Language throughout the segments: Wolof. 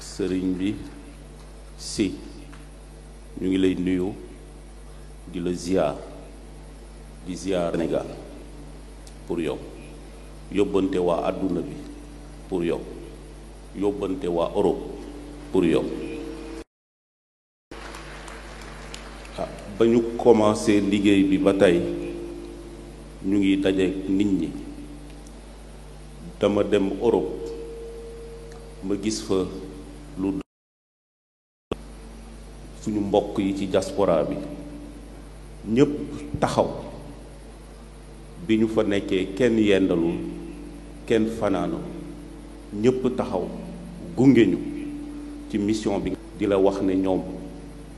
sëriñ bi si ñu ngi lay nuyu di la ziar di ziar Sénégal pour yow yóbbante waa àdduna bi pour yow yóbbante waa Europe pour yow ah, ba ñu commencé liggéey bi ba tey ñu ngi dajeek nit ñi dama dem Europe ma gis fa lu suñu mbokk yi ci jasporaa bi ñépp taxaw bi ñu fa nekkee kenn yendalul kenn fanaanu ñépp taxaw gunge ñu ci mission bi di la wax ne ñoom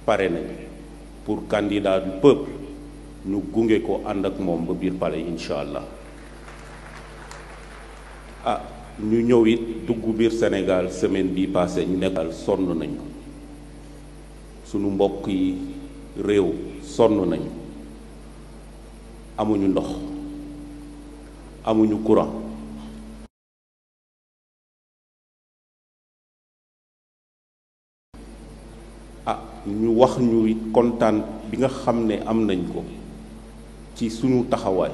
pare nañ pour candidat du peuple ñu gunge ko ànd ak moom ba biir palais incha allah ah ñu ñëw it dugg biir Sénégal semaine bi paase ñu nekkal sonn nañ ko sunu mbokk yi réew sonn nañu amuñu ndox amuñu courant ah ñu wax ñu kontaan bi nga xam ne am nañ ko ci sunu taxawaay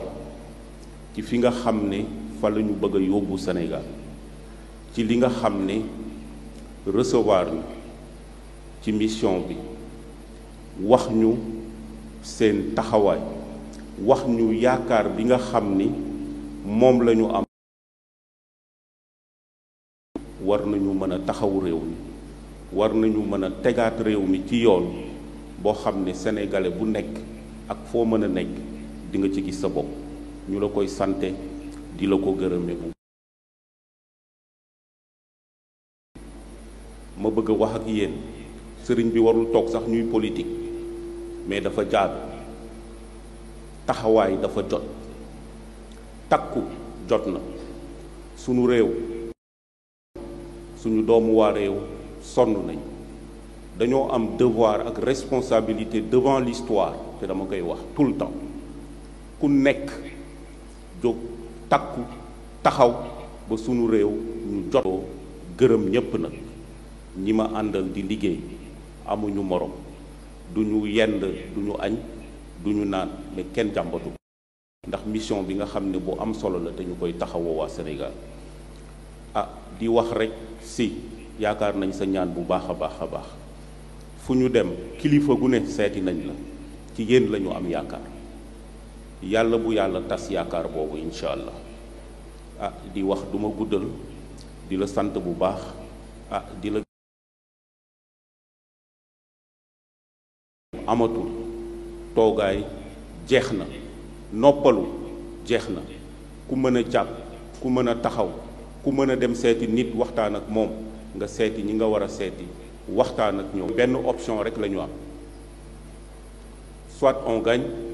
ci fi nga xam ne fa la ñu bëgg a yóbbu Sénégal ci li nga xam ne recevoir ñu ci mission bi wax ñu seen taxawaay wax ñu yaakaar bi nga xam ni moom la ñu am war nañu mën a taxawu réew mi war nañu mën a tegaat réew mi ci yoon boo xam ne sénégalais bu nekk ak foo mën a nekk dinga ci gis sa bopp ñu la koy sante di la ko gërëme bu ma bëgg a wax ak yéen sëriñ bi warul toog sax ñuy politik mais dafa jaadu taxawaay dafa jot takku jot na sunu réew suñu doomu waa réew sonn nañ dañoo am devoir ak responsabilité devant l'histoire te dama koy wax tout le temps ku nekk jóg takku taxaw ba sunu réew ñu jotoo gërëm ñépp nag ñi ma àndal di liggéey amuñu moroom du ñu yend du ñu añ du ñu naan mais kenn jàmbatu ndax mission bi nga xam ne bu am solo la te ñu koy taxawoo waa Sénégal ah di wax rek si yaakaar nañ sa ñaan bu baax a baax a baax fu ñu dem kilifa gu ne seeti nañ la ci yéen la am yaakaar yàlla bu yàlla tas yaakaar boobu incha allah ah di wax duma guddal di la sant bu baax ah di la amatul toogaay jeex na noppalu jeex na ku mën a jàpp ku mën a taxaw ku mën a dem seeti nit waxtaan ak moom nga seeti ñi nga war a seeti waxtaan ak ñoom benn option rek lañu ñu am soit on gagne